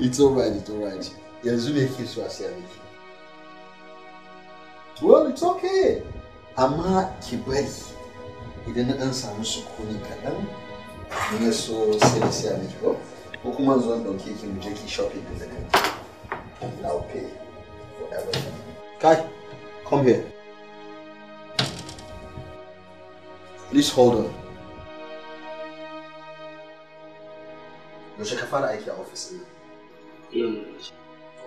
it's right it's alright. Yanzu me ke so a saya miki. Well, it's okay. Amma ki bari idan na dan samu sukuni kaɗan na so sai na saya miki ko ko kuma zo na ɗauke ki mu je ki shopping da kanki. And I'll pay for everything. Kai, come here. Please hold on. Yaushe ka fara aiki a ofis ɗin? Eh.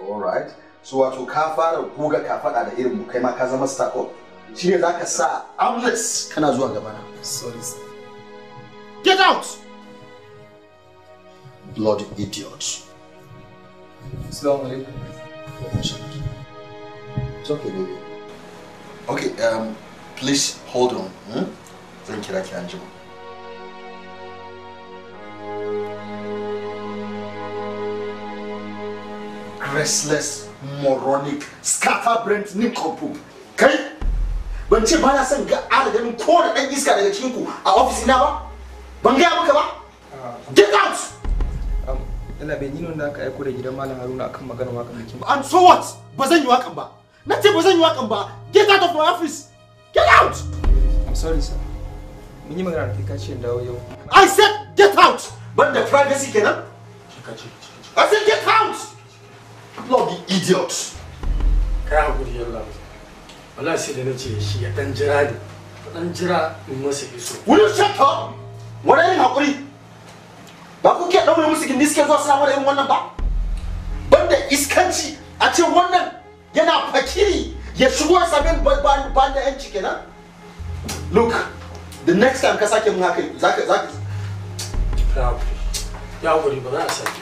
alright so wato ka fara goga ka faɗa da irin mu kai ma ka zama stack up shine zaka sa armless kana zuwa gaba na sorry sir get out blood idiot assalamu alaikum it's okay baby okay um please hold on hmm? zan kira ki anjima restless moronic scatterbrained nincompoop kai ban ce ba na son ga adadin kowane ɗan iska daga cikin ku a ofis na ba ban gaya maka ba ah. get out Yana um, bai yi da aka aiko da gidan Malam Haruna akan maganar wakan bikin. And so what? Ba zan yi wakan ba. Na ce ba zan yi wakan ba. Get out of my office. Get out! I'm sorry sir. Mun yi magana da kai kace dawo yau. I said get out. ban Banda privacy kenan? I said get out. bloody idiot kai hakuri yalla wallahi sai da nace shi ya dan jira ne dan jira in masa iso you shut up hakuri ba kuke daure musu gindi suke zuwa suna wani wannan ba banda iskanci a ce wannan yana fakiri ya shigo ya sami ban da yanci kenan look the next time ka sake mun haka ya hakuri ba za a sake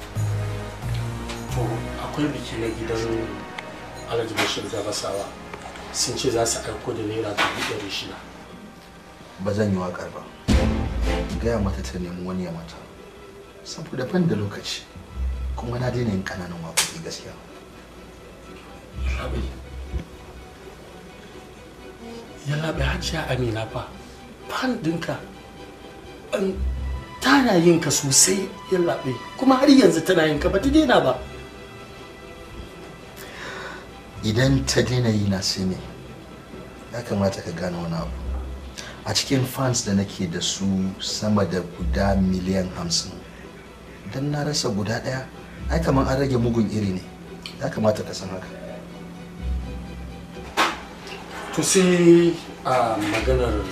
akwai biki na gidan alhaji bashir gabasawa sun ce za su aiko da naira dubu shida ba zan yi waƙar ba gaya mata ta nemi wani ya mata saboda ban da lokaci kuma na daina yin ƙananan waƙoƙi gaskiya yana bai hajiya amina fa fan dinka tana yin ka sosai yallaɓe kuma har yanzu tana yin ka ba ta daina ba idan ta daina yi na sai ne ya kamata ka gane wani abu a cikin fans da nake da su sama da guda miliyan hamsin don na rasa guda ɗaya ai kamar an rage mugun iri ne ya kamata ka san haka to sai a maganar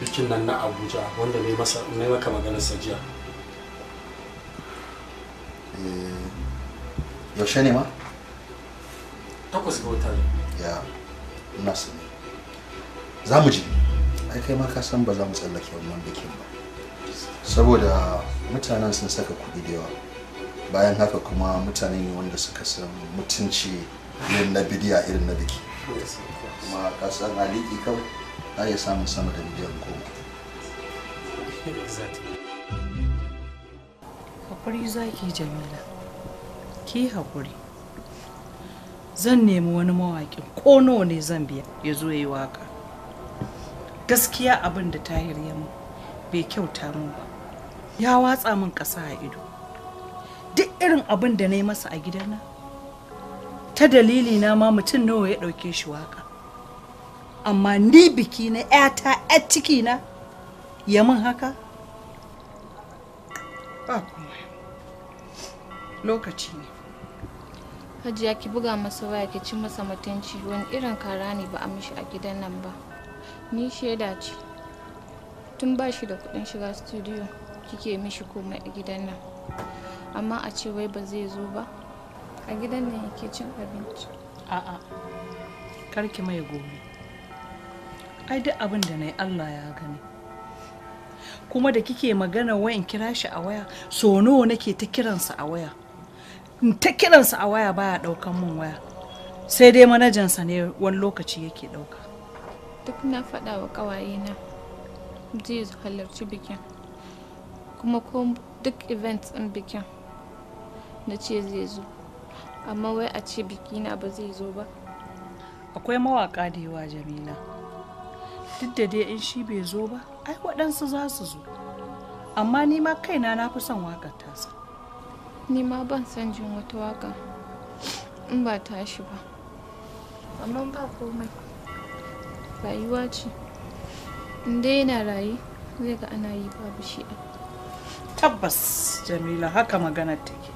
bikin nan na abuja wanda ne maka maganar sajiya eh, yaushe ne ma? takwas ga watan ya ina sani za mu je ai kai ma ka san ba za mu tsallake wannan bikin ba saboda mutanen sun saka kuɗi da yawa bayan haka kuma mutane ne wanda suka san mutunci irin na bidiya irin na biki kuma ka san aliki kawai za iya samun sama da miliyan goma Hakuri zaki jamila ki hakuri. zan nemi wani mawaƙin ko nawa ne zan biya ya zo yi waka gaskiya abin da tahir ya mu bai kyauta mu ba ya watsa min ƙasa a ido duk irin abin da na yi masa a gidana ta dalili na ma mutum nawa ya ɗauke shi waka amma ni biki na 'yata 'ya ciki na ya min haka ba lokaci ne hajiya ki buga masa waya ki ci masa mutunci wani irin kara ne ba a mishi a gidan nan ba ni shaida ce tun ba shi da kudin shiga studio kike mishi komai a gidan nan amma a ce wai ba zai zo ba a gidan nan yake cin abinci a'a karki mai gobe ai duk abin da na yi allah ya gani kuma da kike magana wayan kira shi a waya so nawa nake ta kiransa a waya ta kiransa a waya baya daukan mun waya sai dai manajansa ne wani lokaci yake dauka duk na faɗa wa ƙawayena zai halarci bikin kuma ko duk events ɗin bikin na ce zai zo amma wai a ce bikina ba zai zo ba akwai mawaka da yawa jamila duk da dai in shi bai zo ba ai waɗansu za su zo amma ni ma kaina na fi son waƙar tasa ni ma ban san jin wata waka in ba tashi ba amma ba komai rayuwa ce in dai yana raye zai ga ana yi babu shi tabbas jamila haka magana take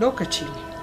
lokaci ne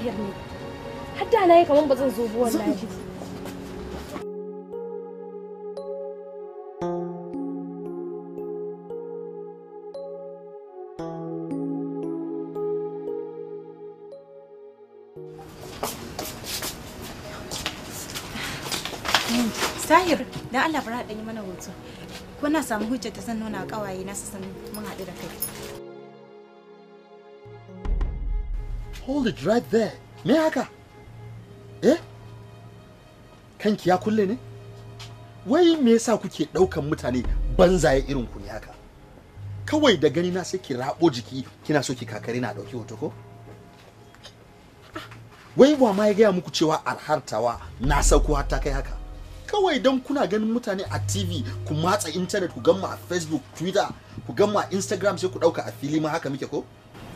tahir ne har da na yi kamar ba zan zo buwan lafi Tahir, dan Allah fara ɗanyi mana hoto. Kuna samu hujjar ta zan nuna ƙawaye na san mun haɗu da kai. hold it right there me haka eh kanki ya kulle ne wai me yasa kuke ɗaukan mutane banzaye irin ku ne haka kawai da gani na sai ki rabo jiki kina so ki kakari na dauki hoto ko wai ba ma ya gaya muku cewa alhartawa na sauko har ta kai haka kawai don kuna ganin mutane a tv ku matsa intanet ku gamma a facebook twitter ku gamma a instagram sai ku ɗauka a fili ma haka muke ko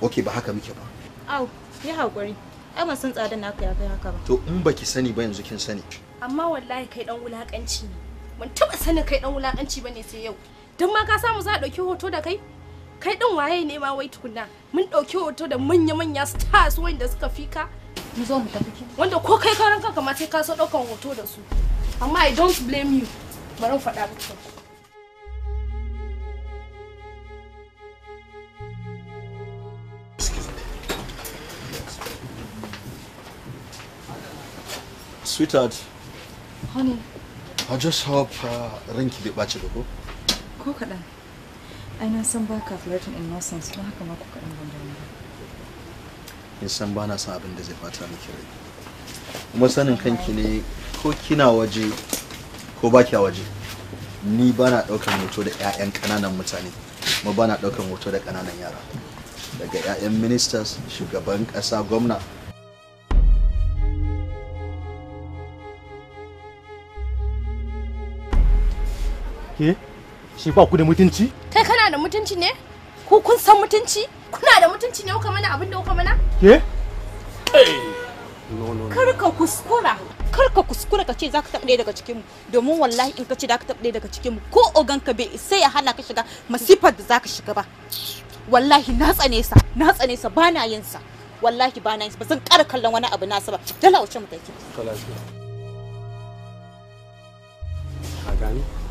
ok ba haka muke ba Au, ni haƙuri. Ai ban san tsadan naka ya kai haka ba. To in baki sani ba yanzu kin sani. Amma wallahi kai dan wulakanci ne. Ban taɓa sani kai dan wulakanci bane sai yau. Don ma ka samu za ɗauki hoto da kai? Kai ɗin waye ne ma wai tukunna? Mun dauki hoto da manya-manya stars wanda suka fika. Mu zo mu tafi Wanda ko kai karan kanka ma sai ka so ɗaukan hoto da su. Amma I don't blame you. Bari faɗa muku. Sweetheart. Honey. I just hope uh, ranki bai ɓaci ba ko? Ko kaɗan. Ai na san ba ka flirting in nonsense don haka ma ko kaɗan ban damu ba. In san ba na san abin da zai fata miki rai. Kuma sanin kanki ne ko kina waje ko ba kya waje. Ni ba na ɗaukar hoto da 'ya'yan ƙananan mutane. Kuma ba na ɗaukar hoto da ƙananan yara. Daga 'ya'yan ministers, shugaban ƙasa, gwamna, Ke? Eh? Shi ba ku da mutunci? Kai kana da mutunci ne? Ku kun san mutunci? Kuna da mutunci ne kuka mana abin da kuka mana? Ke? Eh? Kar ka kuskura. Kar ka kuskura ka ce za ka taɓa ɗaya daga cikinmu. Domin wallahi in ka ce za ka taɓa ɗaya daga cikinmu ko ogan ka bai sai ya hana ka shiga masifar da za ka shiga ba. Wallahi na tsane sa, na tsane sa bana yin sa. Wallahi bana yin sa ba zan ƙara kallon wani abu nasa ba. Dala wuce mu take. Ka gani?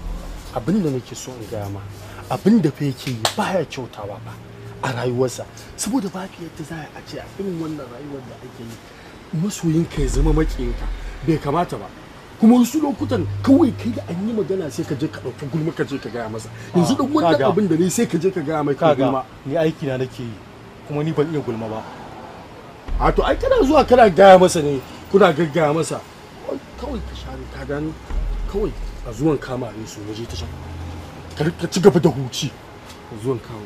abin da nake so in gaya ma abin da fa yake yi baya kyautawa ba a rayuwarsa saboda ba fi yadda za a ce a irin wannan rayuwar da ake yi masoyinka ya zama maƙiyinka bai kamata ba kuma wasu lokutan kawai kai da an yi magana sai ka je ka ɗauki gulma ka je ka gaya masa yanzu duk wannan abin da ne sai ka je ka gaya mai gulma ni aiki na nake yi kuma ni ban iya gulma ba a to ai kana zuwa kana gaya masa ne kuna gaggaya masa kawai ka share ka gani kawai a zuwan kama ne su waje ta can ka ci gaba da huci a zuwan kama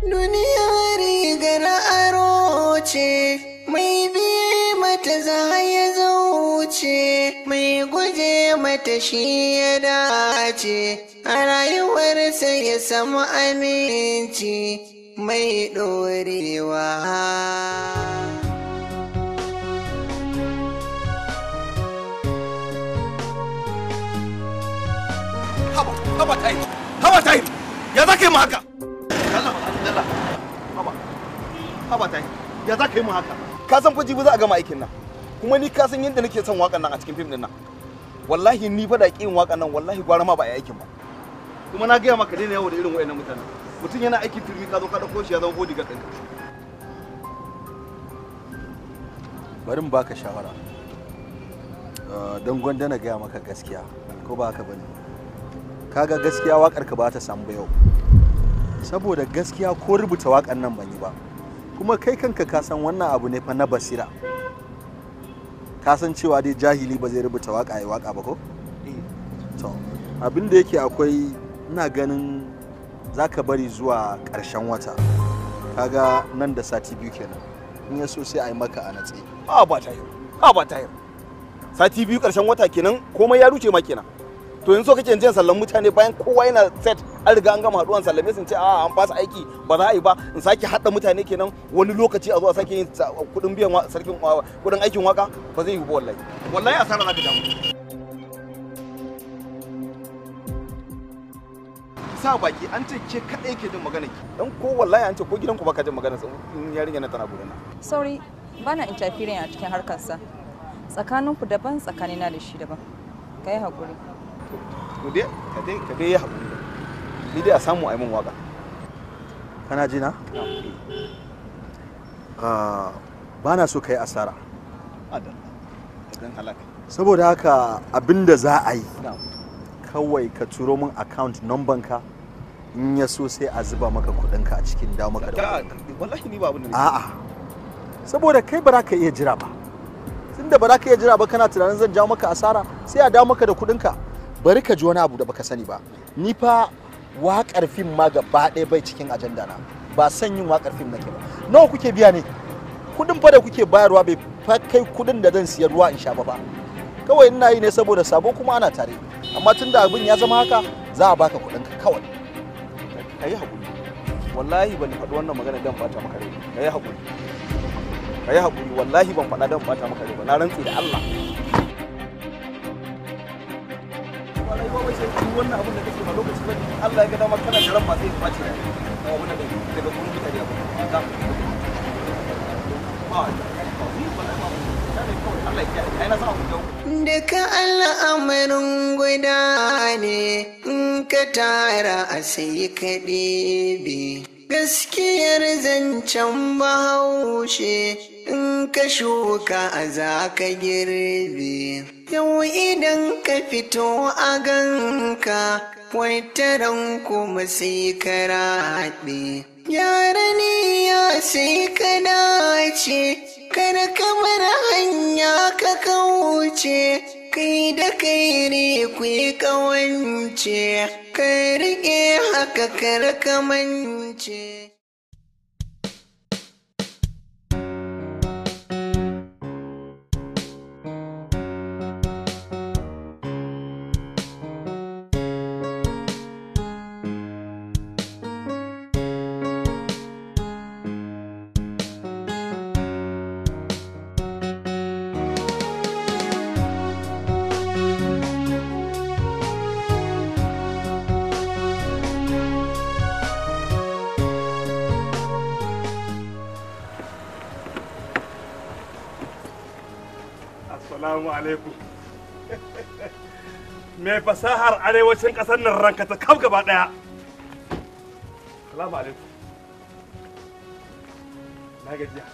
duniyar ga aro ce mai biye mata za ya zauce mai guje mata shi ya dace a rayuwarsa ya samu aminci mai ɗorewa haba ta yi haba ta yi ya za ka yi mu haka haba ta yi ya za ka yi mu haka ka san fa jibi za a gama aikin nan kuma ni ka san yadda nake son wakan nan a cikin fim din nan wallahi ni fa da ƙin wakan nan wallahi gwara ma ba a aikin ba kuma na gaya maka daina yawo da irin wayannan mutanen mutum yana aikin turmi ka zo ka ɗauko shi ya zama bodiga ɗin bari mu baka shawara ah, don gwanda na gaya maka gaskiya ko ba haka bane kaga gaskiya wakar ka ba ta samu ba yau saboda gaskiya ko rubuta wakan nan ban yi ba kuma kai kanka ka san wannan abu ne fa na basira ka san cewa dai jahili ba zai rubuta waka ya waka ba ko eh. to abin da yake akwai ina ganin za ka bari zuwa ƙarshen wata kaga nan da sati biyu kenan in ya so sai a yi maka a natse a ba ta yi a ba ta yi sati biyu ƙarshen wata kenan komai ya ruce ma kenan to yanzu kake jin sallan mutane bayan kowa yana set an riga an gama haduwan sallame sun ce a an fasa aiki ba za a yi ba in sake hada mutane kenan wani lokaci a zo a sake yin kudin biyan sarkin kudin aikin waka ba zai yi ba wallahi wallahi asara za ka damu sa baki an ce ke kadai ke jin magana ki dan ko wallahi an ce ko gidanku baka jin magana in yarinya na tana gudana sorry bana interfering a cikin harkarsa tsakaninku daban tsakanina da shi daban kai hakuri to dai ka dai ka dai haƙuri ni dai a samu a yi min waƙa. kana ji na eh. ah, ba na so ka yi asara saboda haka abinda za a yi kawai ka turo min account number ka in ya so sai a zuba maka kudinka a cikin da maka da wallahi ni ba abin da a'a saboda kai ba za ka iya jira ba tunda ba za ka iya jira ba kana tunanin zan jawo maka asara sai a dawo maka da kudinka bari ka ji wani abu da baka sani ba ni fa waƙar fim ma gaba ɗaya bai cikin ajanda na ba san yin waƙar fim nake ba nawa kuke biya ne kudin fa da kuke bayarwa bai fa kai kudin da zan siya ruwa in sha ba kawai ina yi ne saboda sabo kuma ana tare amma tun da abin ya zama haka za a baka kudin ka kawai kai hakuri wallahi ban faɗi wannan magana dan fata maka rai kai hakuri kai hakuri wallahi ban faɗa dan fata maka rai ba na rantsi da Allah da lokaci Allah ya daga ka al'amarin guda ne in ka tara a sayi kaɗe gaskiyar zancen bahaushe in ka shuka a za ka girbe yau idan ka fito a ganka wai taron kuma sai ka yaraniya sai ka dace kar kamar hanya ka kauce kai da kai ne kuyi kawance ka rike haka kar kamance assalamu alaikum mai fasahar arewacin ƙasar nan ranka ta kaf gaba ɗaya assalamu alaikum na gajiya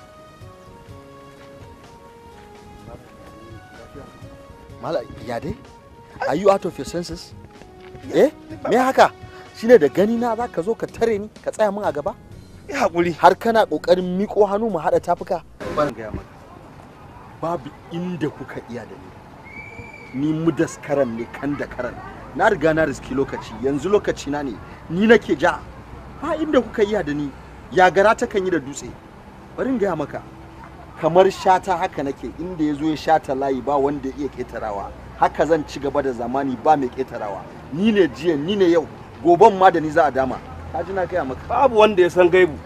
mala ya dai are you out of your senses eh me haka shine da gani na zaka zo ka tare ni ka tsaya min a gaba ya hakuri har kana kokarin miko hannu mu hada tafuka ban gaya maka babu inda kuka iya da ni ni mudaskaran ne kan da karan na riga na riski lokaci yanzu lokaci na ne ni nake ja ba inda kuka iya da ni ya gara ta kan yi da dutse bari in gaya maka kamar shata haka nake inda ya zo ya shata layi ba wanda iya ketarawa haka zan ci gaba da zamani ba mai ketarawa ni ne jiya ni ne yau goban ma da ni za a dama ka ji na gaya maka babu wanda ya san gaibu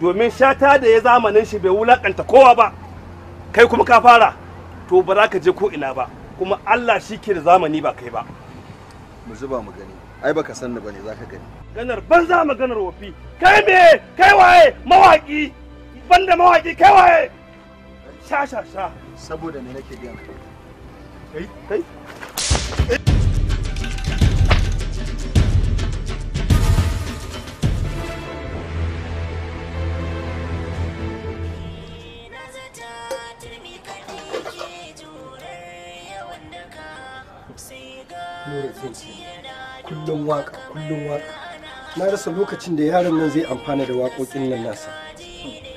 domin shata da ya zamanin shi bai wulakanta kowa ba kai kuma ka fara to ba za ka je ko ina ba kuma Allah shi ke da zamani ba kai ba mu zuba mu gani ai baka san ni bane zaka gani ganar za maganar wofi kai me kai waye mawaki banda mawaki kai waye sha sha sha saboda me nake gani kai kai kullum na rasa lokacin da yaron nan zai amfana da waƙoƙin nan nasa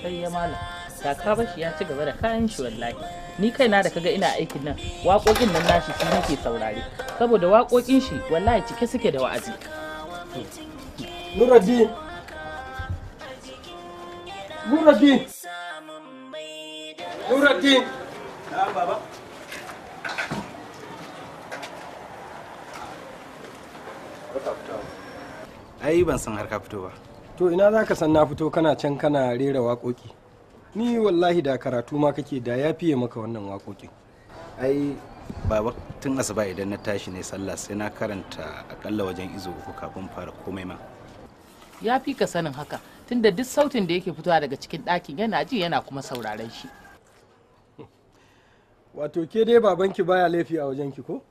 kai ya malam ta ka bashi ya ci gaba da kayan shi wallahi ni kaina da kaga ina aikin nan waƙoƙin nan nashi shi nake saurare saboda waƙoƙin shi wallahi cike suke da wa'azi Nuruddin Nuruddin Nuruddin baba ai ban san har ka fito ba to ina za ka san na fito kana can kana rera wakoki. ni wallahi da karatu ma kake da ya fiye maka wannan wakoki. ai baba tun asuba idan na tashi ne sallah sai na karanta akalla wajen izo uku kafin fara komai ma ya fi ka sanin haka tunda duk sautin da yake fitowa daga cikin ɗakin yana ji yana kuma sauraren shi wato ke dai babanki baya laifi a wajenki ko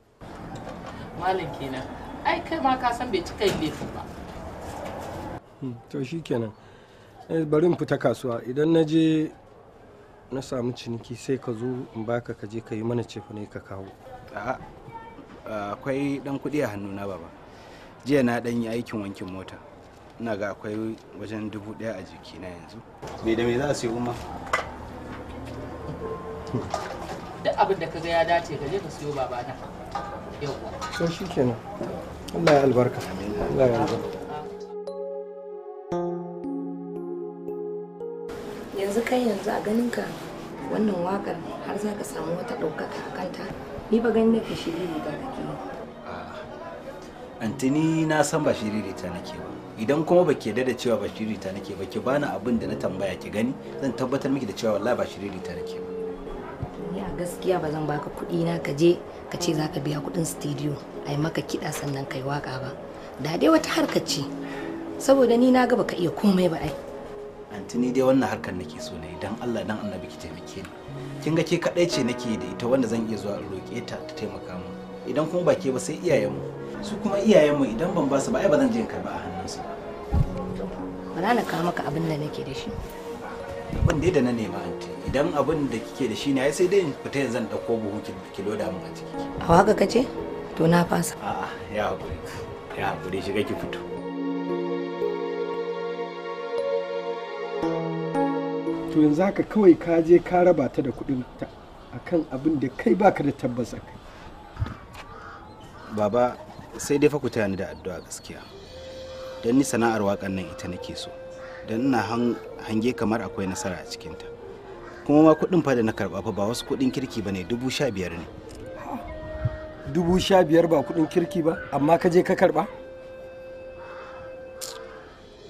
malam kenan ai kai ma ka san bai cika yin laifin ba Hmm, to shi kenan eh, bari in fita kasuwa idan na je na samu ciniki sai ka zo in baka ka je ka yi mana cefa, ne ka kawo akwai dan kuɗi a hannu na, baba jiya na dan yi aikin wankin mota ina ga akwai wajen dubu ɗaya a jiki na yanzu me da me za su yi umma duk abin da ka ga ya dace ka je ka siyo babana yawwa to shikenan Allah ya albarka Allah ya albarka kai yanzu a ganin ka wannan wakar har za ka samu wata ɗaukaka a kanta ni ba gani shiri ne da kake antini na san ba ne ta nake ba idan kuma ba ke da cewa ba shiriri ta nake ba ki bani abin da na tambaya ki gani zan tabbatar miki da cewa wallahi ba shiriri ta nake ba ni a gaskiya ba zan baka kuɗi na ka je ka ce za ka biya kuɗin studio a yi maka kiɗa sannan kai waka ba da dai wata harkar ce saboda ni na ga baka iya komai ba ai anti ni dai wannan harkar nake so ne dan Allah dan annabi ki taimake ni kin ga ke kadai ce nake da ita wanda zan iya zuwa in roƙe ta ta taimaka mu idan kuma ba ke ba sai iyayenmu su kuma iyayenmu idan ban ba su ba ai ba zan je karba a hannunsu ba na kawo maka abin da nake da shi abin dai da na nema anti idan abin da kike da shi ne ai sai dai in fita yanzu dauko buhu ki loda mun a ciki a waka kace to na fasa a'a ya hakuri ya hakuri shiga ki fito to yanzu haka kawai ka je ka raba ta da kudin ta akan abin da kai baka da tabbas kai baba sai dai fa ku taya ni da addu'a gaskiya don ni sana'ar waƙan nan ita nake so don ina hange kamar akwai nasara a cikinta kuma ma kuɗin fa da na karɓa fa ba wasu kuɗin kirki ba ne dubu sha biyar ne dubu sha biyar ba kuɗin kirki ba amma ka je ka karba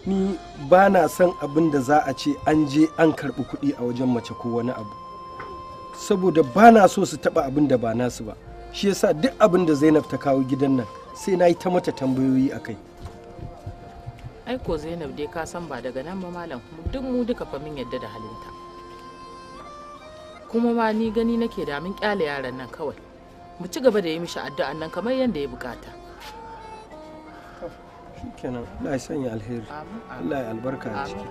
ni ba na son abin da za a ce an je an karɓi kuɗi a wajen mace ko wani abu saboda ba na so su taɓa abin da ba nasu ba shi yasa duk abin da zainab ta kawo gidan nan sai na yi ta mata tambayoyi a kai aiko zainab dai ka san ba daga nan ba malam duk mu duka fa min yadda da halinta kuma ma ni gani nake da min kyale yaran nan kawai mu ci gaba da yi mishi addu'an nan kamar yadda ya bukata shikenan Allah ya sanya alheri Allah ya albarka a ciki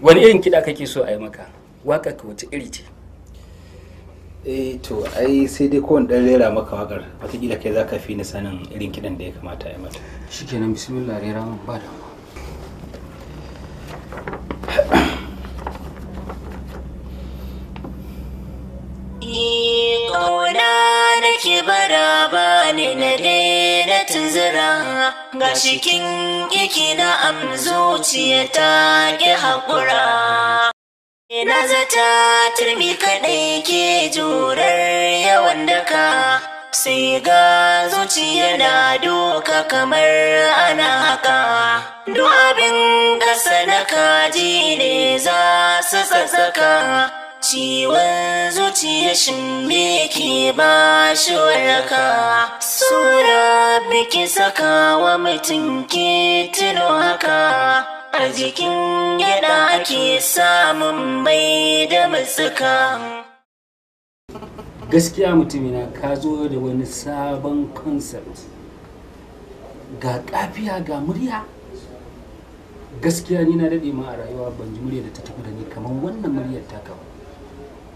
wani irin kiɗa kake so a yi maka waka ka wata iri ce eh to ai sai dai kowane dan rera maka wakar watakila kai zaka fi ni sanin irin kidan da ya kamata ya mata shikenan bismillah rera mun ba da Ƙauna bara ba ni na daina tunzura ga shikin iki na amzuciya ta haƙura. Ina eh, zata turmi kaɗai ke jurar yawan daka sai ga zuciya na doka kamar ana haka. Duk abin ƙasa na kaji ne za su tsatsaka. Ciwon zuciya shin me ke ba shi waraka. Sura biki saka wa mutum ke tuno haka. a jikin gida ake samun mai da matsuka gaskiya mutumina ka zo da wani sabon concept ga kafiya ga murya gaskiya ni na daɗe ma a rayuwa ban ji murya da ta tafi da ni kamar wannan muryar ta kaba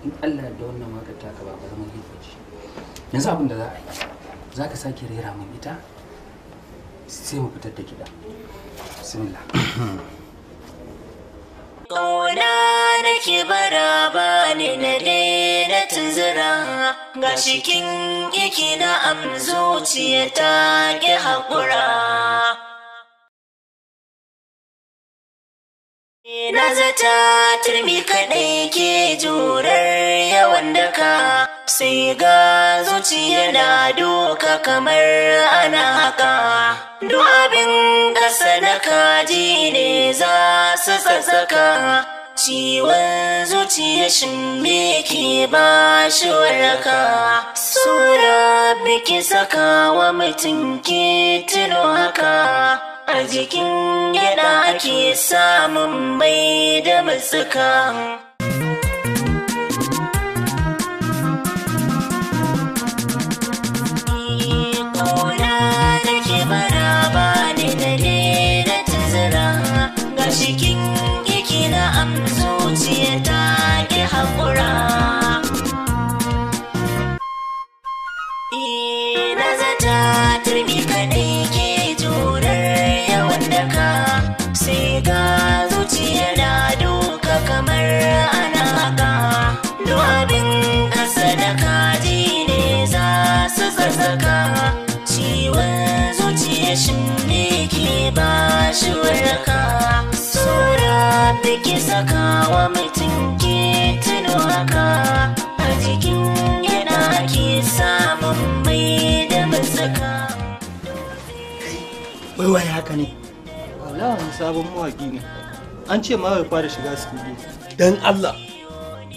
in allah da wannan makar ta kaba ba zama gefe yanzu abin da za a yi za ka sake rera mun ita sai mu fitar da kiɗa bismillah Ƙauna nake baraba ne na daina tunzura ga shikin yake na amzuciya ta ƙi haƙura. Na zata turmi kaɗai ke jurar yawan daka sai ga zuciya na doka kamar ana haka. Duk abin ƙasa na kaji ne za su tsatsaka. ciwon zuciya shin me ke ba shi waraka sura biki saka wa mutum ke tuno haka a jikin gida ake samun mai da matsuka wai haka ne wallahi sabon mawaki ne an ce mawai fara shiga studio dan Allah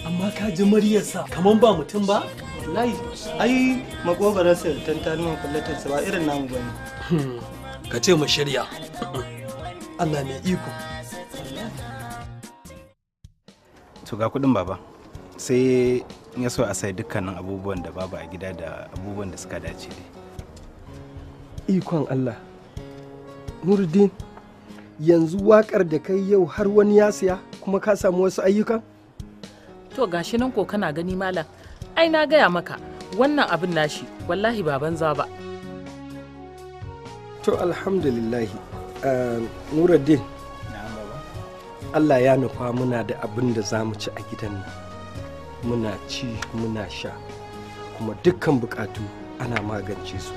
amma ka ji muryarsa kaman ba mutum ba wallahi ai makogararsa da kullatar sa ba irin namu bane hmm, ka ce mu shirya Allah mai iko to ga kudin baba sai ya so a sai dukkanin abubuwan da babu a gida da abubuwan da suka dace ikon Allah nurdin yanzu wakar da kai yau har wani ya siya kuma ka samu wasu ayyukan to gashi nan ko kana gani malam ai na gaya maka wannan abin nashi wallahi ba banza ba to alhamdulillahi uh, eh, Allah ya nufa muna da abin da za mu ci a gidan nan muna ci muna sha kuma dukkan bukatu ana magance su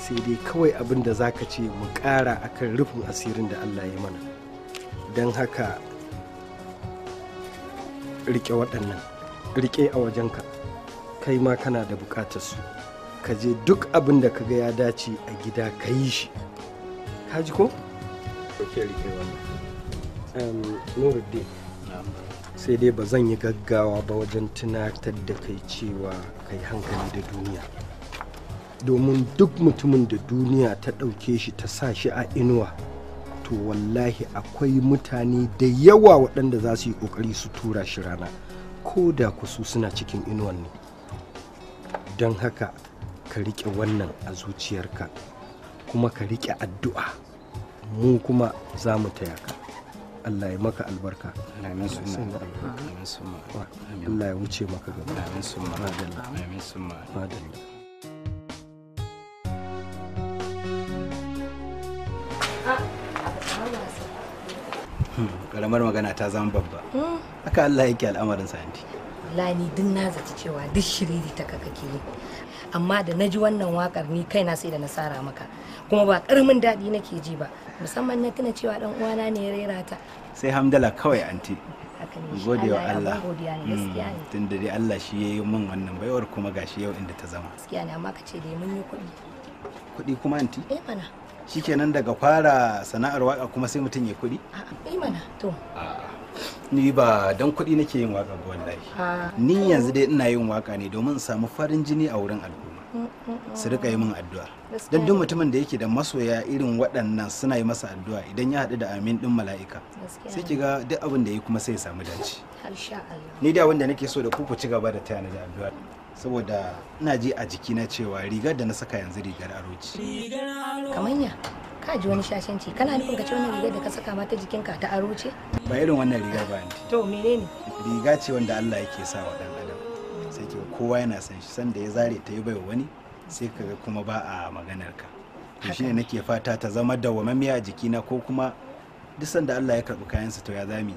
sai dai kawai abin da zaka ce mu ƙara akan rufin asirin da allah ya mana don haka rike waɗannan rike a wajenka kai ma kana da buƙatar su ka je duk abin da ka ya dace a gida ka yi shi ka ji ko? sai dai ba zan yi gaggawa ba wajen tunatar da kai cewa kai hankali da duniya domin duk mutumin da duniya ta ɗauke shi ta sa shi a inuwa to wallahi akwai mutane da yawa waɗanda za su yi ƙoƙari su tura shi rana ko da kusu suna cikin inuwan ne don haka ka riƙe wannan a zuciyarka kuma ka riƙe addu'a mu kuma za mu taya ka Allah ya maka albarka Allah ya wuce maka gaba ya wuce maka gaba karamar magana ta zama babba hmm. haka Allah yake al'amarin sa Allah duk na zaci cewa duk shiriri ta kaka ke amma da naji wannan wakar ni kaina sai da nasara maka kuma ba karamin daɗi nake ji ba musamman na tuna cewa dan uwana ne ya rera ta sai hamdala kawai anti gode wa Allah hmm. tun da dai Allah shi ya yi min wannan baiwar kuma gashi yau inda ta zama gaskiya ne amma ka ce dai mun yi kuɗi kuɗi kuma anti eh mana shikenan daga fara sana'ar waka kuma sai mutum ya kuɗi? A'a, eh mana to. Ni ba don kuɗi nake yin waka ga wallahi. Ah. Ni yanzu dai ina yin waka ne domin in samu farin jini a wurin al'umma. Mm, mm, mm. Su rika yi min addu'a. Don duk mutumin da yake da masoya irin waɗannan suna yi masa addu'a idan ya haɗu da amin ɗin mala'ika. Sai ki ga duk abin da ya kuma sai ya samu dace. Ni da wanda nake so da ku ku ci gaba da tayana da addu'a. saboda ina ji a jikina cewa rigar da na saka yanzu rigar aro ce kamanya ka ji wani shashanci kana nufin ka ce wannan rigar da ka saka mata ta jikinka ta aro ce ba irin wannan rigar ba ne to menene riga ce wanda Allah yake sa wa dan adam sai ke kowa yana san shi sanda ya zare ta yi baiwa wani sai ka ga kuma ba a maganar ka to shine nake fata ta zama dawwamammiya a jikina ko kuma duk sanda Allah ya karbi kayansa to ya zami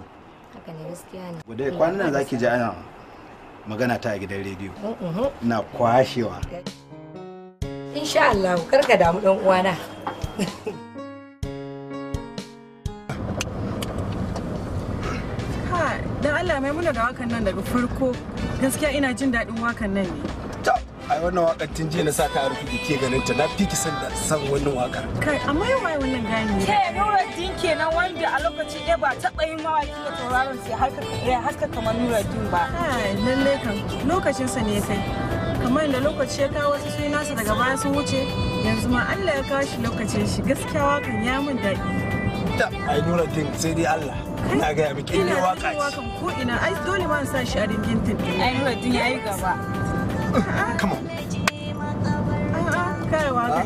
haka ne gaskiya ne kwanan nan zaki ji ana magana ta a gidan rediyo mm-hmm. na kwashewa insha Allah karka damu dan uwana dan Allah mai muna da wakan nan daga farko gaskiya ina jin daɗin wakan nan ne ai wannan wakar tun jiya na sa ta rufe da ke ganin ta na fi ki san da san wannan wakar kai amma yau mai wannan gani ke Nuruddin kenan wanda a lokacin ɗaya ba taɓa yin mawaki da tauraron sai har ka eh, har ka kamar din ba kai lalle kan lokacin sa ne kai kamar da lokaci ya kawo wasu sai nasa daga baya sun wuce yanzu ma Allah ya kawo shi lokacin shi gaskiya wakan ya mun daɗi ta ai nura din sai dai Allah ina ga miki ne waka ce ina ko ina ai dole ma sa shi a dingin tin ai nura din yayi gaba Come on.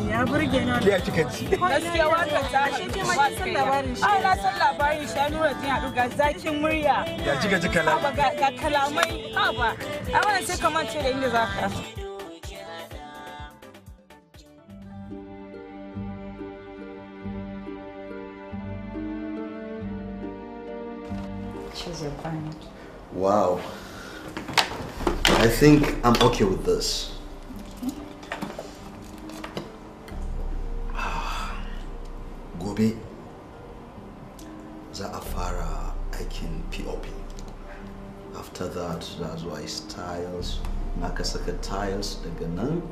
ya burge na ya kika ci gaskiya waka ta shi ke ma san labarin shi ai na san labarin shi an nuna Yeah, hadu ga zakin murya ya kika ji kalamai your Wow. I think I'm okay with this. Gobe za Afara I can POP. After that, that's why zo a tiles, naka saka tiles daga nan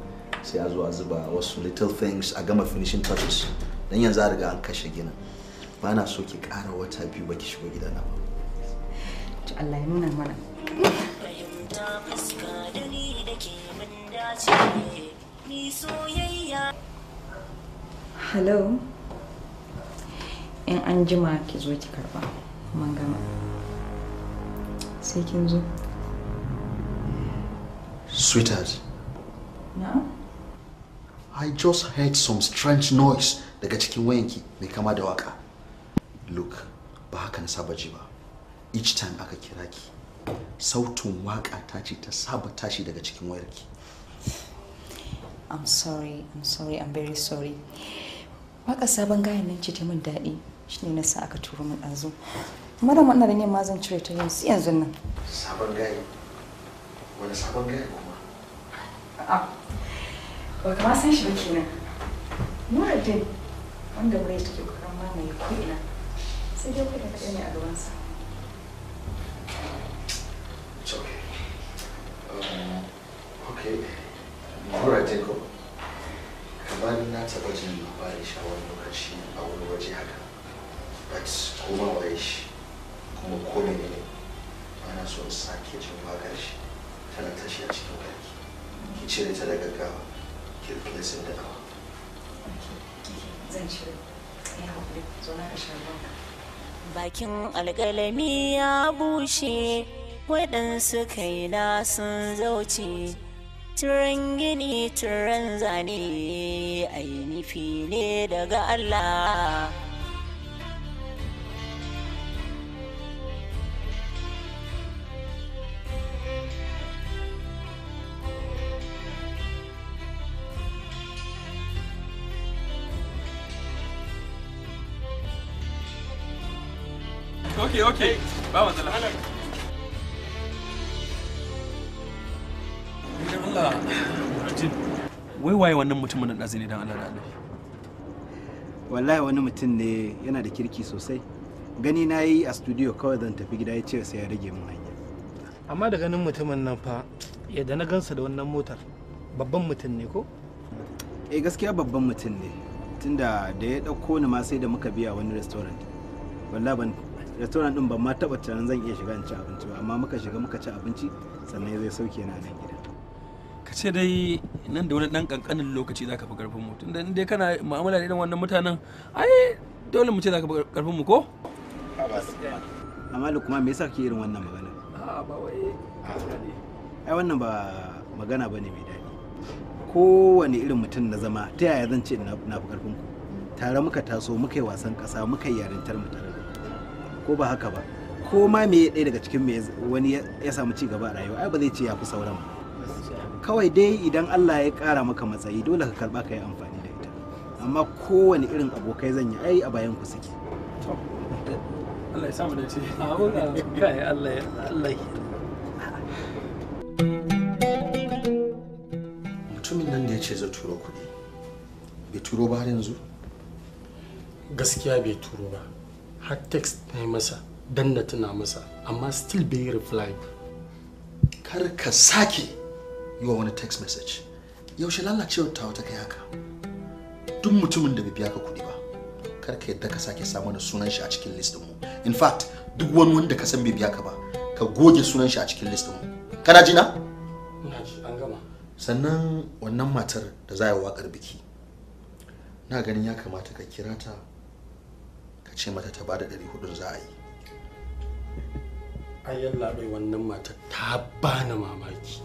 sai a zo a little things I got my finishing touches. Then you're Zarga and an kashe ginin. Ba na so ki ƙara wata biyu ba ki shigo gidana ba. To Allah I'm not ta fuska da ni da ke dace ni soyayya hello in an jima ki zo ki karba mun gama sai kin zo sweetheart no i just heard some strange noise daga cikin wayanki mai kama da waka look ba haka na saba ji ba each time aka kira ki sautin waka ta ce ta saba tashi daga cikin wayarki I'm sorry I'm sorry I'm very sorry waka sabon gayan nan ce ta min daɗi shine na sa aka turo min ɗazu mara wannan da ma zan cire ta yanzu yanzu nan sabon gayan wani sabon gayan kuma a'a ba kama san shi ba kenan Nuruddin wanda mura take kokarin mamaye ko ina sai dai kuɗin kaɗai ne a gabansa It's okay. Um, okay. Nura Jacob, kamar na taɓa jin labarin lokaci a wani waje haka. But kuma waye shi, kuma ko ne ne. Ana so in sake jin shi. Tana tashi a cikin Ki cire ta Ki da Zan cire. zo na ka Bakin alƙalami ya bushe. waɗansu kaina sun zauce turan gini turan zane ainihi ne daga Allah Okay, okay. Vamos, a wai waye wannan mutumin da ɗazi ne don Allah da Allah wallahi wani mutum ne yana da kirki sosai gani na yi a studio kawai zan tafi gida ya ce sai ya rage min hanya amma da ganin mutumin nan fa yadda na gansa da wannan motar babban mutum ne ko eh gaskiya babban mutum ne tunda da ya ɗauko ni ma sai da muka biya wani restaurant wallahi ban restaurant din ban ma taɓa tunanin zan iya shiga in ci abinci ba amma muka shiga muka ci abinci sannan ya zai sauke na nan gida sai dai nan da wani dan kankanin lokaci za ka fi karfin mu tunda in dai kana mu'amala da irin wannan mutanen ai dole mu ce za ka fi karfin mu ko amma kuma me yasa kake irin wannan magana a ba wai ai wannan ba magana bane mai daɗi kowane irin mutum na zama ta yaya zan ce na fi karfin ku tare muka taso muka yi wasan ƙasa muka yi yarintar mu tare ko ba haka ba ko ma me ɗaya daga cikin me wani ya samu ci gaba a rayuwa ai ba zai ce ya fi sauran ba kawai dai idan Allah ya kara maka matsayi dole ka karba ka yi amfani da ita amma kowane irin abokai zan yi ai a bayan ku suke mutumin nan da ya ce zai turo kuɗi bai turo ba har yanzu gaskiya bai turo ba har text na yi masa dan na tuna masa amma still bai reply kar ka sake yi wa wani text message yaushe lalacewar ta wata kai haka duk mutumin da bai biya ka kuɗi ba kar ka yadda ka sake samu da sunan shi a cikin list mu in fact duk wani wanda ka san bai biya ka ba ka goge sunan shi a cikin list mu kana ji na ina ji an gama sannan wannan matar da za a yi waƙar biki na ganin ya kamata ka kira ta ka ce mata ta bada ɗari hudun za a yi ayyalla bai wannan matar ta bani mamaki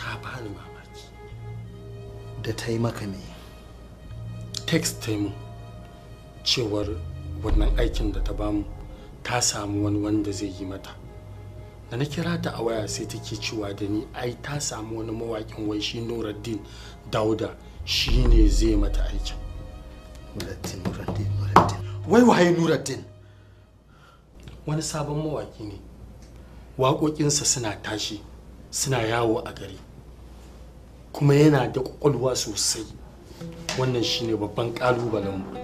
ta bani mamaki da ta yi maka ne text ta mu cewar wannan aikin da ta bamu ta samu wani wanda zai yi mata da na kira ta a waya sai take cewa da ni ai ta samu wani mawakin wai shi nuruddin dauda shi ne zai mata aikin nuruddin nuruddin nuruddin wai waye nuruddin wani sabon mawaki ne waƙoƙinsa suna tashi suna yawo a gari kuma yana da kwakwalwa sosai wannan shine babban kalubalen mu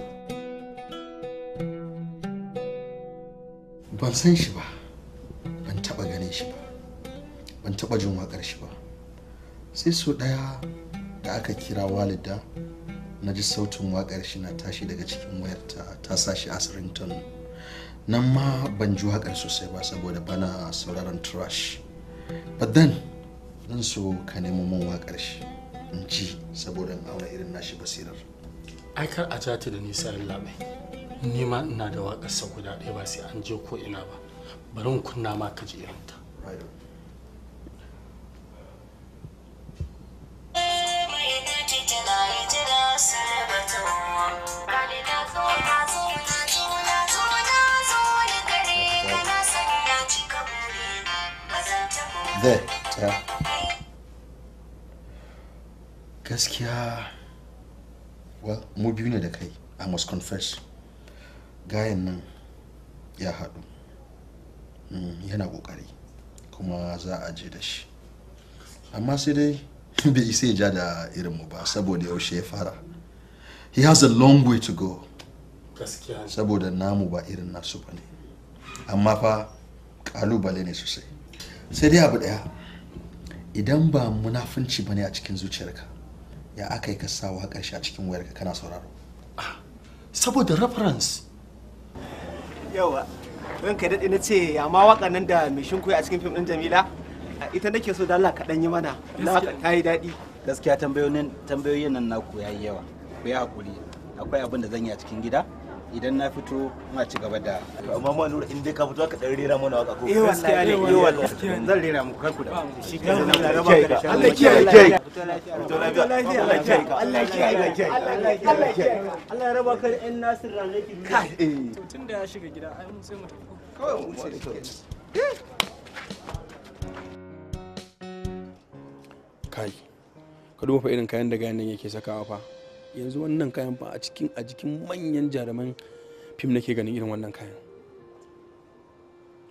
ban san shi ba ban taba ganin shi ba ban taba jin wakar shi ba sai so daya da aka kira walida na ji sautin wakar shi na tashi daga cikin wayarta ta sa shi asirinton nan ma ban ji wakar sosai ba saboda bana sauraron trash but then zan so ka nemo man waƙar shi in ci saboda in auna irin nashi basirar ai kar a jata da nisa labai ni ma ina da waƙar sa guda ɗaya ba sai an je ko ina ba bari in kunna ma ka ji irin ta There, yeah. gaskiya well mu biyu ne da kai i must confess gayan nan ya haɗu mm, yana ƙoƙari kuma za a je da shi amma sai dai bai isa ja da irinmu ba saboda yaushe ya fara he has a long way to go saboda namu ba irin nasu ba ne amma fa ƙalubale ne sosai sai dai abu ɗaya idan ba munafunci ba ne a cikin zuciyarka ya aka yi ka sa waƙar shi a cikin wayarka kana sauraro ah, saboda reference yawa don ka daɗe na ce amma waka nan da mai shinkoya a cikin fim ɗin jamila ita nake so da Allah ka yi mana na ta yi daɗi gaskiya tambayoyin nan naku ya yi yawa ku yi hakuri akwai abin da zan yi a cikin gida idan na fito ma ci gaba da amma ma nura inda ka fito ka dan rera mana waka ko eh, gaskiya ne eh, eh wallahi zan rera muku kanku da shi ke nan da raba ka da Allah kiyaye kai Allah ki fito lafiya Allah ki kiyaye ka Allah ki ka Allah kiyaye Allah ya raba ka da ɗan Nasir Ranaki kai eh. tunda ya shiga gida ai mun sai mu tafi kawai mu wuce kai ka duba fa irin kayan da ganin yake sakawa fa yanzu wannan kayan ba a cikin a jikin manyan jaruman fim nake ganin irin wannan kayan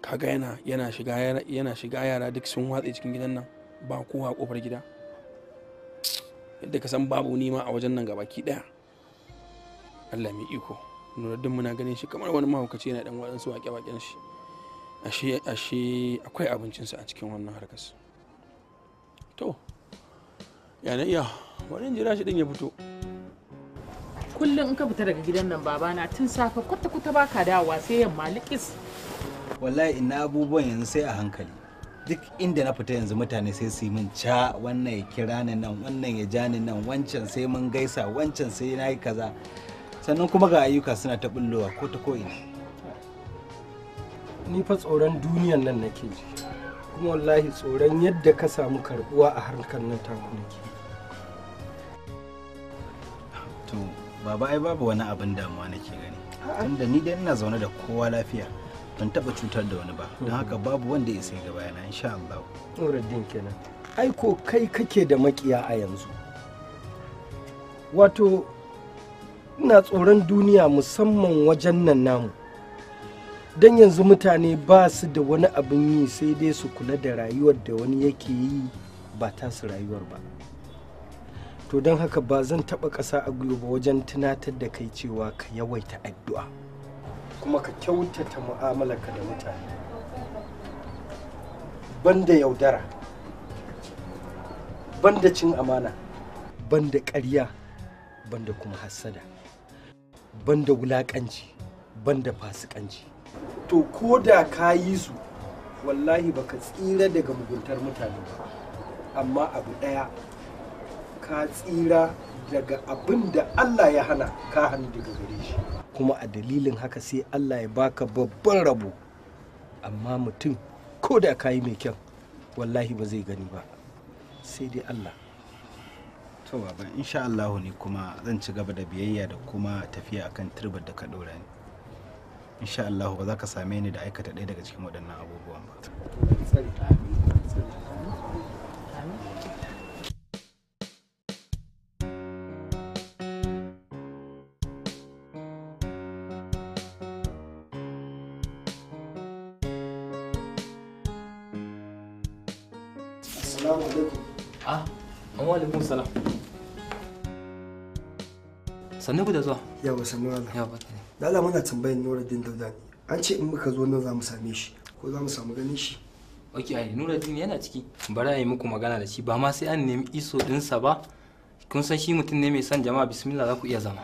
kaga yana yana shiga yara duk sun watse cikin gidan nan ba kowa kofar gida yadda ka san babu nima a wajen nan baki daya Allah mai iko nuruddin muna ganin shi kamar wani mahaukaci yana dan waɗansu waƙe-waƙen shi ashe ashe akwai abincinsa a cikin wannan harkar to yana iya wani jira shi din ya fito kullum in ka fita daga gidan nan babana tun safe kwata kwata baka dawowa sai yamma likis wallahi ina abubuwan yanzu sai a hankali duk inda na fita yanzu mutane sai su yi min ca wannan ya kira ni nan wannan ya ja ni nan wancan sai mun gaisa wancan sai na yi kaza sannan kuma ga ayyuka suna ta bullowa ko ta ko'ina ni fa tsoron duniyan nan nake ji kuma wallahi tsoron yadda ka samu karbuwa a harkar nan taku nake to baba ai babu wani abin damuwa nake gani tunda ni dai ina zaune da kowa lafiya ban taba cutar da wani ba don haka babu wanda ya sai gaba yana insha Allah Nuruddin kenan ai ko kai kake da makiya a yanzu wato ina tsoron duniya musamman wajen nan namu don yanzu mutane ba su da wani abin yi sai dai su kula da rayuwar da wani yake yi ba ta su rayuwar ba to don haka ba zan taɓa ƙasa a gwiwa ba wajen tunatar da kai cewa ka yawaita addu'a kuma ka kyautata mu'amalarka da mutane banda yaudara banda cin amana banda ƙarya banda kuma hassada banda wulaƙanci banda fasikanci to ko da ka yi su wallahi baka tsira daga muguntar mutane ba amma abu ɗaya ka tsira daga abin da Allah ya hana ka hannu daga gare shi kuma a dalilin haka sai Allah ya baka babban rabo amma mutum ko da ka yi mai kyan wallahi ba zai gani ba sai dai Allah to baba insha Allah ne kuma zan ci gaba da biyayya da kuma tafiya akan turbar da ka dora ni insha Allah ba za ka same ni da aikata ɗaya daga cikin waɗannan abubuwan ba sannu da zuwa yawa sannu yawa da Allah muna tambayin Nuruddin Dauda an ce in muka zo nan za mu same shi ko za mu samu ganin shi ok ai Nuruddin yana ciki bari a yi muku magana da shi ba ma sai an nemi iso dinsa ba kun san shi mutum ne mai son jama'a bismillah za ku iya zama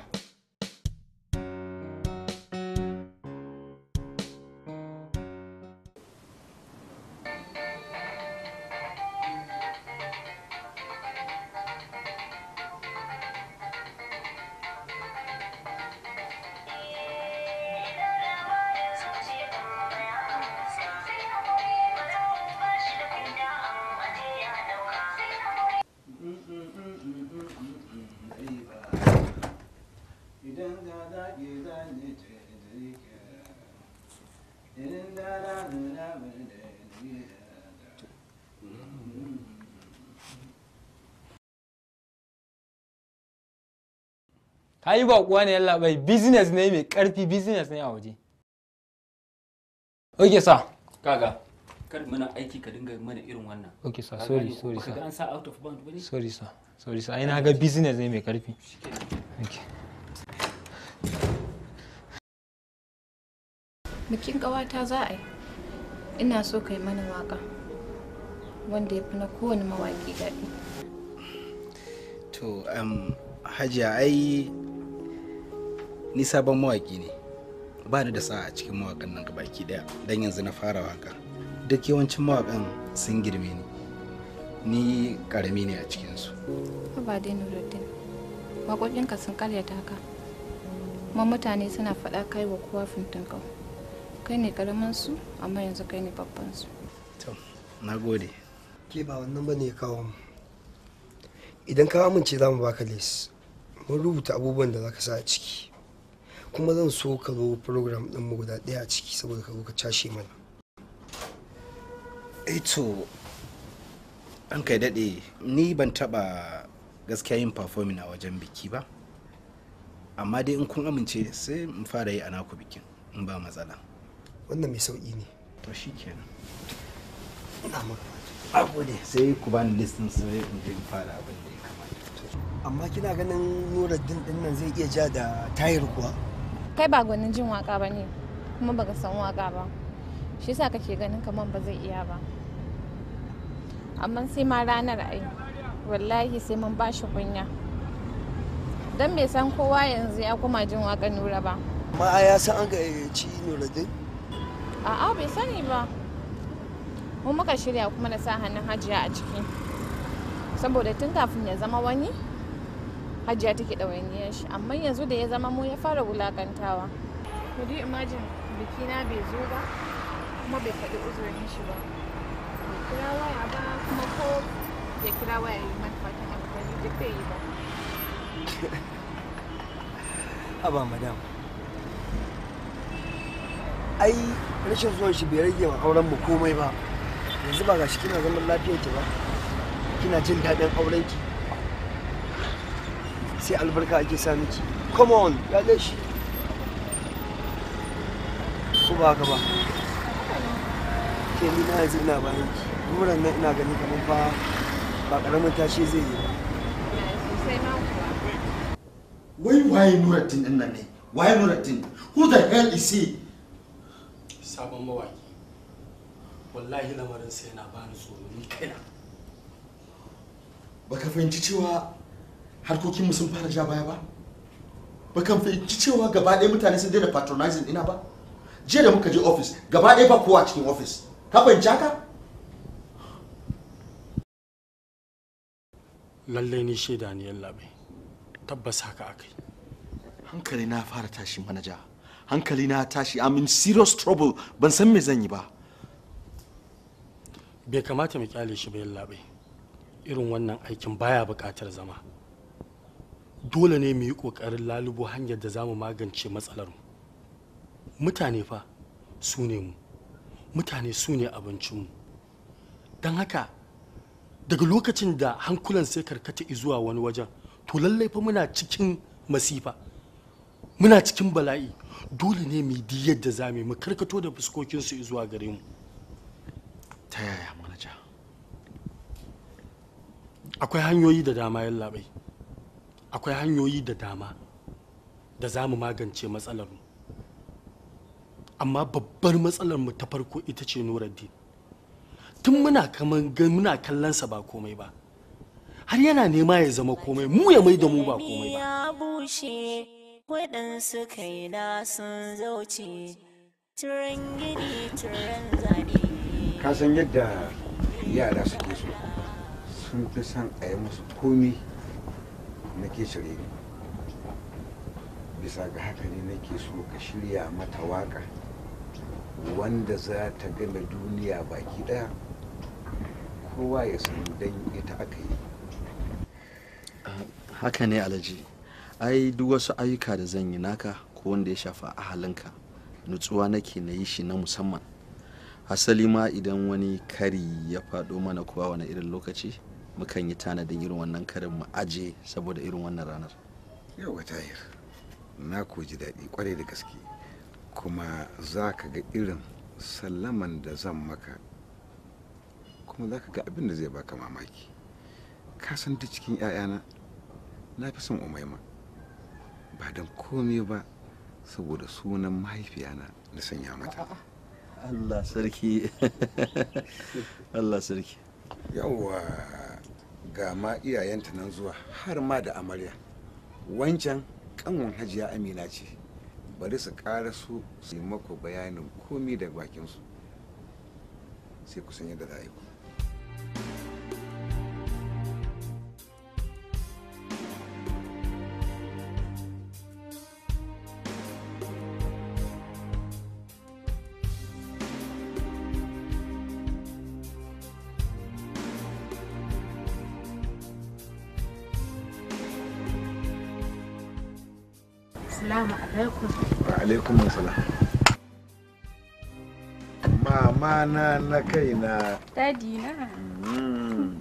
ka yi baƙuwa ne yalla bai business ne mai ƙarfi business ne a waje ok sa kaga kar mana aiki ka dinga mana irin wannan ok sa sorry sorry sa an sa out of bound bane sorry sa sorry sa ai na ga business ne mai ƙarfi okay bikin ƙawata za a yi ina so kai mana waka wanda ya fi na kowane mawaƙi daɗi to um, hajiya ai ni sabon mawaƙi ne ba ni da sa'a a cikin mawakan nan baki daya don yanzu na fara waka duk yawancin mawakan sun girme ni ni karami ne a cikinsu ba dai nuruddin waƙoƙinka sun karyata ka kuma mutane suna faɗa kai wa kowa fintinkau kai ne karamin su amma yanzu kai ne babban su to na gode ke ba wannan bane ya kawo mu idan ka amince za mu baka lis mun rubuta abubuwan da za ka sa a ciki kuma zan so ka zo program ɗin mu guda ɗaya a ciki saboda ka zo ka cashe mana eto eh an kai daɗe ni ban taɓa gaskiya yin performing a wajen biki ba amma dai in kun amince sai in fara yi a naku bikin in ba matsala wannan mai sauƙi ne to shi kenan ina maka agode sai ku ni listin sai in je in fara abin da ya kamata amma kina ganin nurar din nan zai iya ja da tayar kuwa kai ba gwanin jin waka ba ne kuma baka san waka ba shi yasa kake ganin kamar ba zai iya ba amma sai ma ranar ai wallahi sai mun ba shi kunya don bai san kowa yanzu ya kuma jin waka nura ba ma a ya san an ga ci nuruddin a'a bai sani ba mun muka shirya kuma da sa hannun hajiya a ciki saboda tun kafin ya zama wani hajiya take ɗawainiyar shi amma yanzu da ya zama mu ya fara wulakantawa ku di imajin bikina bai zo ba kuma bai faɗi uzurin shi ba ya kira waya ba kuma ko ya kira waya yi man fatan amfani duk bai yi ba haba madam ai rashin zuwan shi bai rage wa auren mu komai ba yanzu ba ga shi kina zaman lafiyar ki ba kina jin daɗin auren ki sai albarka ake sami ci. come on ya shi ko ba ka ba ke ni na yanzu ina bayan ki muran nan ina gani kamar fa ba karamin tashi zai yi ba wai waye nuratin din nan ne waye nuratin who the hell is he sabon mawaki wallahi lamarin sai na bani tsoro ni kaina baka fahimci cewa harkokinmu sun fara ja baya ba ba kan fahimci cewa gaba ɗaya mutane sun daina patronizing ina ba jiya da muka je ofis gaba ɗaya ba kowa cikin ofis ka fahimci haka lallai ni shaida ne yalla tabbas haka akai hankali na fara tashi manaja hankali na tashi i'm in serious trouble ban san me zan yi ba bai kamata mu kyale shi ba yalla bai irin wannan aikin baya buƙatar zama dole ne mu yi ƙoƙarin lalubo hanyar da za mu magance matsalar mu mutane fa sune ne mu mutane sune abincin mu don haka daga lokacin da hankulan sai karkata zuwa wani wajen to lallai fa muna cikin masifa muna cikin bala'i dole ne mu yi yadda za mu mu karkato da fuskokinsu zuwa gare mu ta yaya manaja akwai hanyoyi da dama yallaɓai akwai hanyoyi da dama da za mu magance mu amma babbar matsalar mu ta farko ita ce nuruddin tun muna kaman muna kallonsa ba komai ba har yana nema ya zama komai mu ya mai da mu ba komai ba waɗansu da sun zauce turin gini turin zane ka san yadda yara suke so sun fi son a yi musu komi nake shirye bisa ga haka ne nake so ka shirya mata waka wanda za ta gama duniya baki daya kowa ya san dan ita aka yi ah, haka ne alhaji ai duk wasu ayyuka da zan yi naka ko wanda ya shafa ahalinka nutsuwa nake na yi shi na musamman asali ma idan wani kari ya faɗo mana kowa wani irin lokaci mukan yi tanadin irin wannan karin mu aje saboda irin wannan ranar ga tahir na ku ji daɗi kwarai da gaske kuma za ka ga irin sallaman da zan maka kuma za ka ga abin da zai baka mamaki ka san ta cikin 'ya'yana na fi son umaima ba don komai ba saboda sunan mahaifiyana na sanya mata Allah sarki Allah sarki yawwa ga ma iyayenta nan zuwa har ma da amarya wancan kanwan hajiya amina ce bari su ƙara su su yi mako bayanin komi da bakinsu sai ku sanya da za na na kaina dadi na mm-hmm.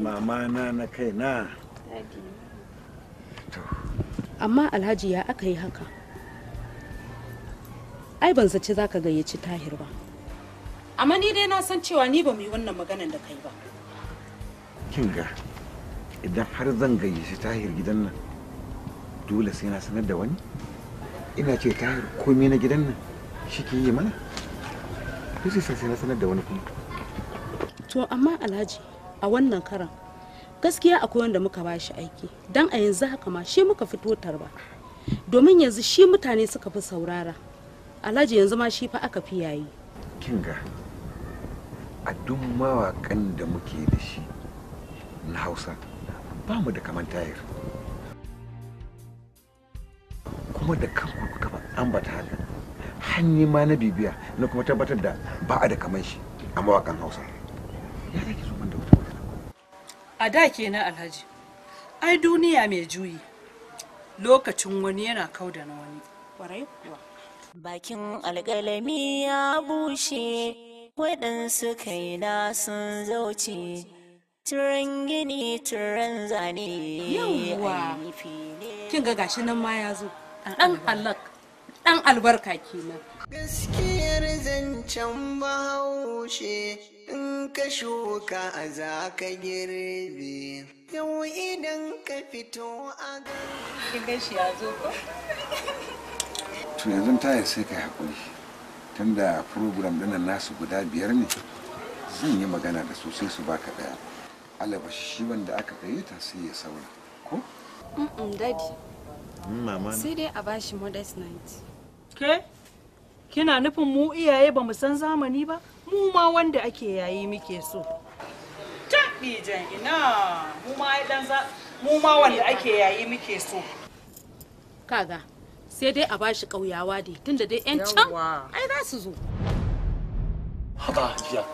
mama na na kaina amma alhaji ya aka yi haka ai ban zaci za ka gayyaci tahir ba amma ni dai na san cewa ni ba mu yi wannan maganan da kai ba kinga idan har zan gayyaci tahir gidan nan dole sai na sanar da wani ina ce tahir komai na gidan nan shi ke yi mana to sai na sanar da wani kuma to amma alhaji a wannan karan gaskiya akwai wanda muka ba shi aiki dan a yanzu haka ma shi muka fito tarba domin yanzu shi mutane suka fi saurara alhaji yanzu ma shi fa aka fi yayi kinga a duk mawakan da muke da shi na hausa ba mu da kaman tayar kuma da kanku kuka ba ambata haka hanyoyi ma na bibiya na kuma tabbatar da ba a da kamar shi a mawakan hausa ya zo da wata magana a da alhaji ai duniya mai juyi lokacin wani yana kau da na wani bakin alƙalami ya bushe waɗansu kaina sun zauce turan gini turan zane yawwa kin ga gashi nan ma ya zo ɗan halak dan albarka kenan. Gaskiyar zancen bahaushe in ka shuka a za ka girbe. Yau idan ka fito a gan. gashi ya zo ko? To yanzu ta yi sai ka haƙuri. da program ɗinnan nasu guda biyar ne, zan yi magana da su sai su baka ɗaya. Alaba shi wanda aka gayyata sai ya saura. Ko? Mm-mm, daddy. Mm, mama. Sai dai a bashi modest night. Ke? Kina nufin mu iyaye ba mu san zamani ba? Mu ma wanda ake yayi muke so. Taɓi jan ina, mu ma idan za mu ma wanda ake yayi muke so. Kaga, sai dai a bashi ƙauyawa dai, tunda dai 'yan can ai za su zo. Haba, jiya.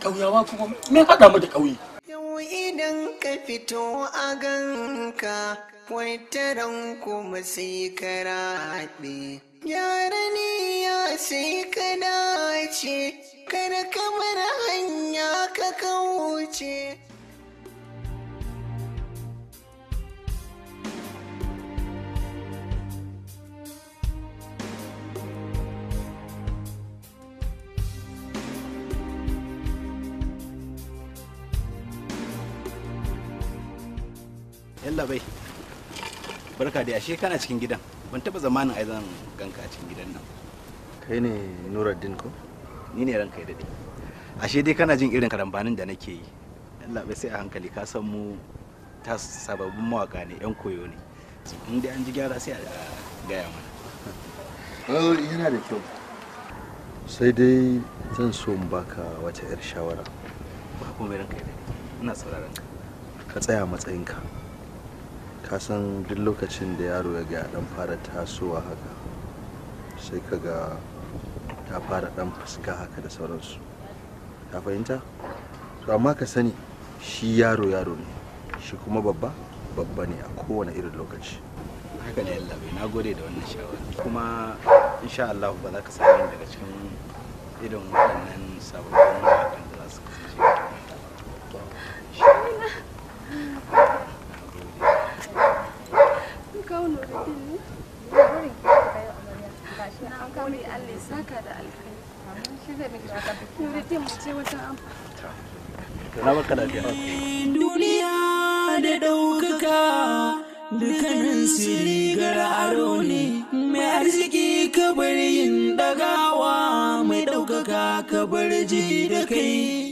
Ƙauyawa kuma me haɗa mu da ƙauye? Yau idan ka fito a ganka, wai taron kuma sai ka raɓe. Yaraniya sai ka dace kada ka bar hanya ka kauce Yalla barka da ashe kana cikin gidan. ban taba zamanin ai zan ganka a cikin gidan nan kai ne nuruddin ko ni ne ranka ya dade ashe dai kana jin irin karambanin da nake yi Allah bai sai a hankali ka san mu ta sababbin mawaka ne yan koyo ne in dai an ji gyara sai a gaya mana yana da kyau sai dai zan so in baka wata 'yar shawara ba mai ranka ya dade ina sauraron ka ka tsaya matsayinka kasan duk lokacin da yaro ya ga dan fara tasowa haka sai ka ga ta fara dan fuska haka da sauransu ka fahimta to amma ka sani shi yaro yaro ne shi kuma babba babba ne a kowane irin lokaci haka ne Allah bai nagode da wannan shawara kuma insha Allah ba za ka sami daga cikin irin waɗannan sababbin da duniya da daukaka dukkanin sirigar aro ne mai arziki kabar yin dagawa mai daukaka kabar ji da kai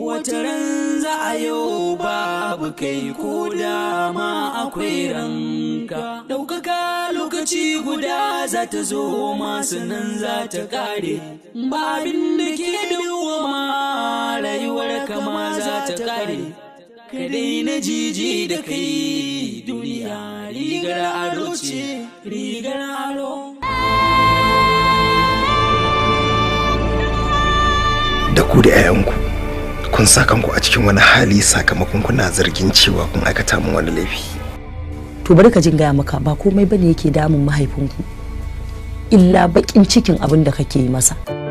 wata ran za a yau babu kai ko dama akwai ranka ɗaukaka lokaci guda za ta zo masu nan za ta kare. ba abin da ke ma rayuwar kama za ta ƙare ka na jiji da kai duniya rigar aro ce rigar aro da ku da 'ya'yanku kun sa kanku a cikin wani hali sakamakon kuna zargin cewa kun aikata min wani laifi to bari ka jin gaya maka ba komai bane yake damun mahaifinku illa baƙin cikin abin da kake yi masa